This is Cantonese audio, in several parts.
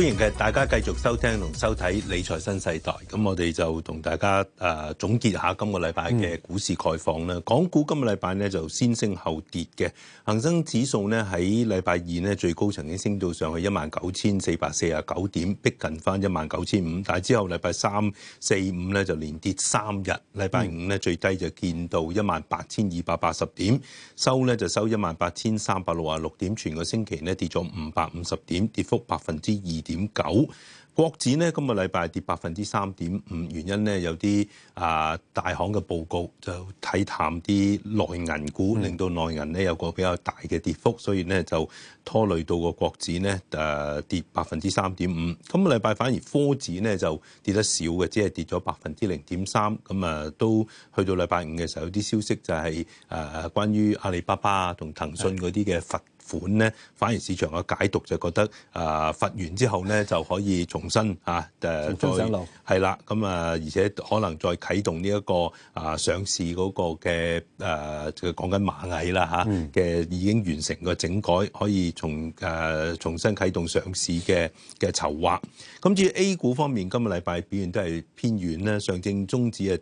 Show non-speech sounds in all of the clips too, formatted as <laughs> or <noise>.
歡迎大家繼續收聽同收睇《理財新世代》。咁我哋就同大家誒、呃、總結一下今個禮拜嘅股市概況啦、嗯。港股今個禮拜呢就先升後跌嘅，恒生指數呢喺禮拜二呢最高曾經升到上去一萬九千四百四十九點，逼近翻一萬九千五。但係之後禮拜三、四、五呢就連跌三日，禮拜五呢最低就見到一萬八千二百八十點，收呢就收一萬八千三百六十六點，全個星期呢跌咗五百五十點，跌幅百分之二九，國指咧今日禮拜跌百分之三點五，原因咧有啲啊大行嘅報告就睇淡啲內銀股，令到內銀咧有個比較大嘅跌幅，所以咧就拖累到個國指咧誒跌百分之三點五。今日禮拜反而科指咧就跌得少嘅，只係跌咗百分之零點三。咁啊都去到禮拜五嘅時候，有啲消息就係、是、誒、呃、關於阿里巴巴同騰訊嗰啲嘅發款咧，反而市場嘅解讀就覺得，啊，罰完之後咧就可以重新啊，重新，再係啦。咁啊，而且可能再啟動呢、這、一個啊上市嗰個嘅誒，講緊螞蟻啦嚇嘅已經完成個整改，可以從誒、啊、重新啟動上市嘅嘅籌劃。咁至於 A 股方面，今日禮拜表現都係偏軟啦，上證綜指啊。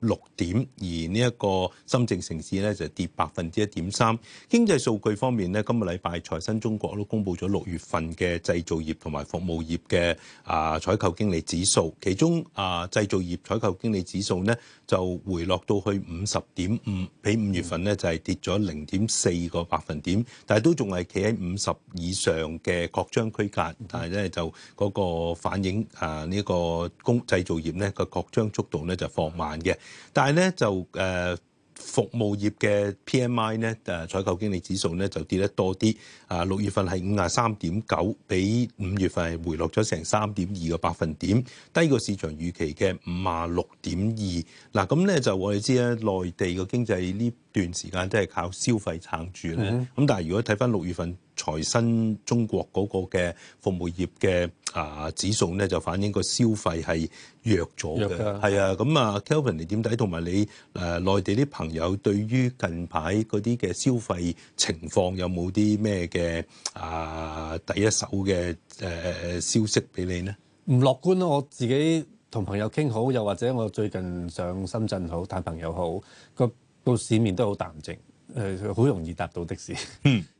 六點，而呢一個深證成指咧就跌百分之一點三。經濟數據方面咧，今個禮拜財新中國都公布咗六月份嘅製造業同埋服務業嘅啊採購經理指數，其中啊製造業採購經理指數呢，就回落到去五十點五，比五月份呢，就係、是、跌咗零點四個百分點，但係都仲係企喺五十以上嘅擴張區間，但係咧就嗰個反映啊呢、這個工製造業咧個擴張速度咧就放慢嘅。但係咧就誒、呃、服務業嘅 PMI 咧誒採購經理指數咧就跌得多啲啊，六月份係五十三點九，比五月份係回落咗成三點二個百分點，低過市場預期嘅五十六點二。嗱咁咧就我哋知咧，內地嘅經濟呢段時間都係靠消費撐住咧。咁、mm -hmm. 但係如果睇翻六月份。財新中國嗰個嘅服務業嘅啊指數咧，就反映個消費係弱咗嘅，係啊，咁啊 Kevin 你點睇？同埋你誒內、呃、地啲朋友對於近排嗰啲嘅消費情況有冇啲咩嘅啊第一手嘅誒、呃、消息俾你咧？唔樂觀咯，我自己同朋友傾好，又或者我最近上深圳好，睇朋友好，個個市面都好淡靜。佢好容易搭到的士，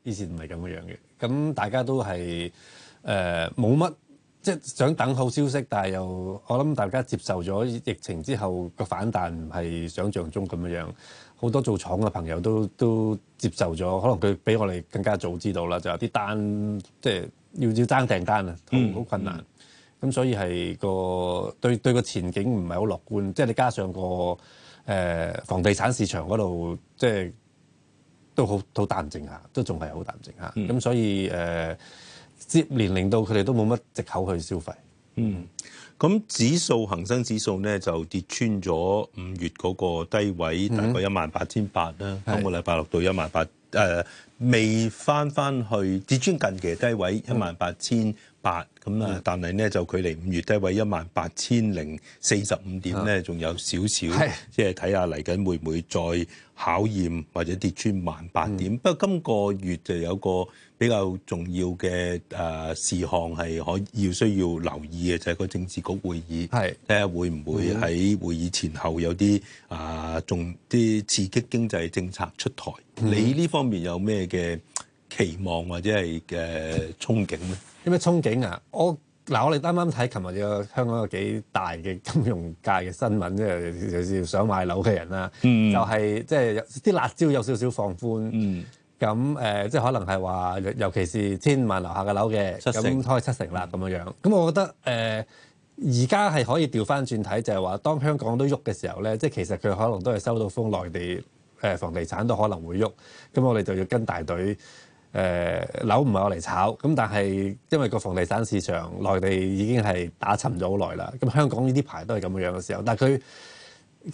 以前唔係咁樣嘅。咁大家都係誒冇乜，即係想等好消息，但係又我諗大家接受咗疫情之後個反彈唔係想像中咁樣。好多做廠嘅朋友都都接受咗，可能佢比我哋更加早知道啦。就有啲單即係要要爭訂單啊，好困難。咁、嗯嗯、所以係個對對個前景唔係好樂觀。即係你加上個誒、呃、房地產市場嗰度，即係。都好好淡靜，都仲係好淡靜。咁、嗯、所以誒、呃，接連令到佢哋都冇乜藉口去消費。嗯，咁指數恒生指數咧就跌穿咗五月嗰個低位大、嗯，大概一萬八千八啦。今個禮拜六到一萬八，誒、呃、未翻翻去跌穿近期低位一萬八千。嗯咁、嗯、啊！但係咧就距離五月低位、嗯、一萬八千零四十五點咧，仲有少少，即係睇下嚟緊會唔會再考驗或者跌穿萬八點、嗯。不過今個月就有一個比較重要嘅誒、呃、事項係可要需要留意嘅，就係、是、個政治局會議，睇下會唔會喺會議前後有啲啊，仲、嗯、啲、呃、刺激經濟政策出台。嗯、你呢方面有咩嘅？期望或者係嘅憧憬咧？有咩憧憬啊？我嗱，我哋啱啱睇琴日嘅香港有幾大嘅金融界嘅新聞，即係尤其是想買樓嘅人啦、嗯，就係即係啲辣椒有少少放寬，咁、嗯呃、即係可能係話，尤其是千萬樓下嘅樓嘅，咁開七成啦，咁、嗯、樣樣。咁我覺得誒，而家係可以調翻轉睇，就係、是、話當香港都喐嘅時候咧，即係其實佢可能都係收到風，內地、呃、房地產都可能會喐，咁我哋就要跟大隊。誒、呃、樓唔係用嚟炒，咁但係因為個房地產市場內地已經係打沉咗好耐啦，咁香港呢啲排都係咁樣嘅時候，但佢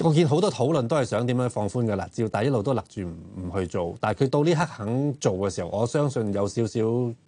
我見好多討論都係想點樣放寬嘅辣招，但係一路都勒住唔唔去做。但佢到呢刻肯做嘅時候，我相信有少少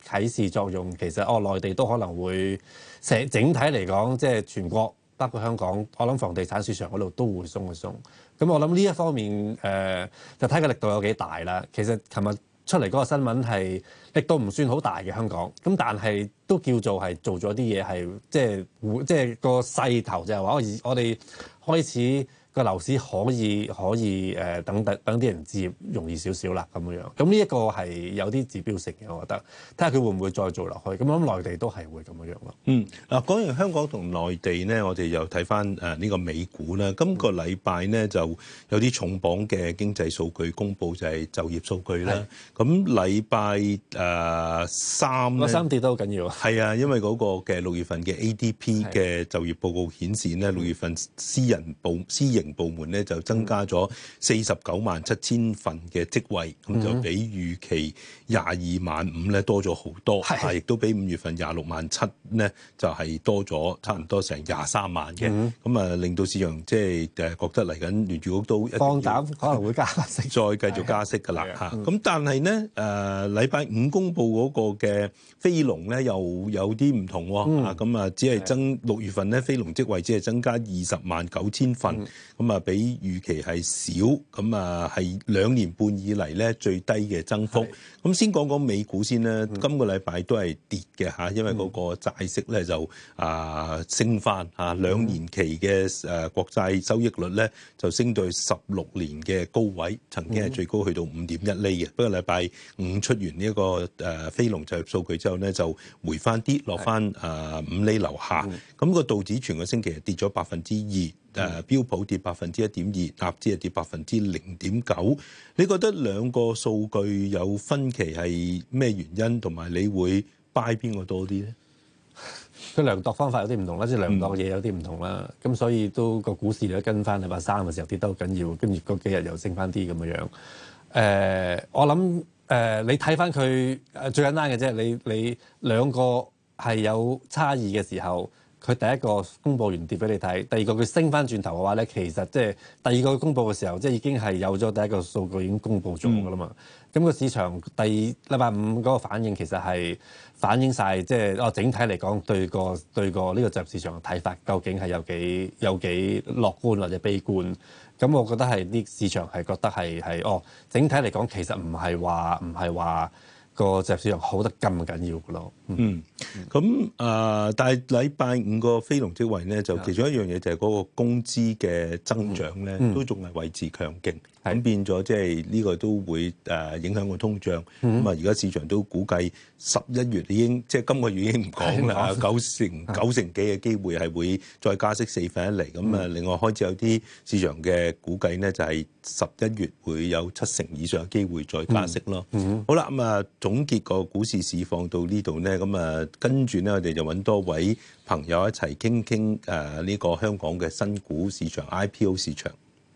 啟示作用。其實哦，內地都可能會成整，整體嚟講，即係全國包括香港，我諗房地產市場嗰度都會鬆一鬆。咁我諗呢一方面誒、呃，就睇個力度有幾大啦。其實琴日。出嚟嗰個新聞係亦都唔算好大，嘅香港，咁但係都叫做係做咗啲嘢係即係，即係個勢頭就係話我我哋開始。個樓市可以可以誒等等等啲人置業容易少少啦咁樣樣，咁呢一個係有啲指標性嘅，我覺得。睇下佢會唔會再做落去？咁我諗內地都係會咁樣樣咯。嗯，嗱講完香港同內地呢，我哋又睇翻誒呢個美股啦。今個禮拜呢，就有啲重磅嘅經濟數據公布，就係就業數據啦。咁禮拜誒三，個三跌都好緊要。係啊，因為嗰個嘅六月份嘅 ADP 嘅就業報告顯示呢六月份私人部私營部門咧就增加咗四十九萬七千份嘅職位，咁、嗯、就比預期廿二萬五咧多咗好多，係亦都比五月份廿六萬七咧就係多咗差唔多成廿三萬嘅，咁、嗯、啊令到市場即係誒覺得嚟緊聯儲局到降減可能會加息， <laughs> 再繼續加息㗎啦。咁但係咧誒禮拜五公佈嗰個嘅非農咧又有啲唔同喎、哦。咁、嗯、啊只係增六月份咧非農職位只係增加二十萬九千份。嗯。咁啊，比預期係少，咁啊係兩年半以嚟咧最低嘅增幅。咁先講講美股先啦、嗯。今個禮拜都係跌嘅吓，因為嗰個債息咧就啊升翻吓、嗯、兩年期嘅誒國債收益率咧就升到十六年嘅高位，曾經係最高去到五點一厘嘅、嗯。不過禮拜五出完呢一個誒非農就業數據之後咧，就回翻啲落翻誒五厘樓下。咁、個道指全個星期係跌咗百分之二。誒、嗯呃、標普跌百分之一點二，納指係跌百分之零點九。你覺得兩個數據有分歧係咩原因？同埋你會 buy 邊個多啲咧？佢量度方法有啲唔同啦，即、就、係、是、量度嘢有啲唔同啦。咁、嗯、所以都個股市都跟翻禮拜三嘅時候跌得好緊要，跟住嗰幾日又升翻啲咁嘅樣。誒、呃，我諗誒、呃，你睇翻佢誒最簡單嘅啫。你你兩個係有差異嘅時候，佢第一個公佈完跌俾你睇，第二個佢升翻轉頭嘅話咧，其實即係第二個公佈嘅時候，即係已經係有咗第一個數據已經公佈咗㗎啦嘛。咁、嗯，那個市場第禮拜五嗰個反應其實係反映晒，即係，哦整體嚟講對個對個呢個就業市場嘅睇法究竟係有幾有幾樂觀或者悲觀？咁我覺得係啲市場係覺得係係哦整體嚟講其實唔係話唔係話。個集市場好得咁緊要嘅咯，嗯，咁啊，但係禮拜五個非農職位咧，就其中一樣嘢就係嗰個工資嘅增長咧，都仲係維持強勁，咁變咗即係呢個都會影響個通脹，咁啊而家市場都估計十一月已經即係今個月已經唔講啦， <laughs> 九成九成幾嘅機會係會再加息四分一嚟，咁啊另外開始有啲市場嘅估計咧就係十一月會有七成以上嘅機會再加息咯，嗯嗯嗯嗯嗯好啦咁啊。總結個股市市況到呢度呢，咁啊跟住呢，我哋就揾多位朋友一齊傾傾誒呢個香港嘅新股市場 IPO 市場。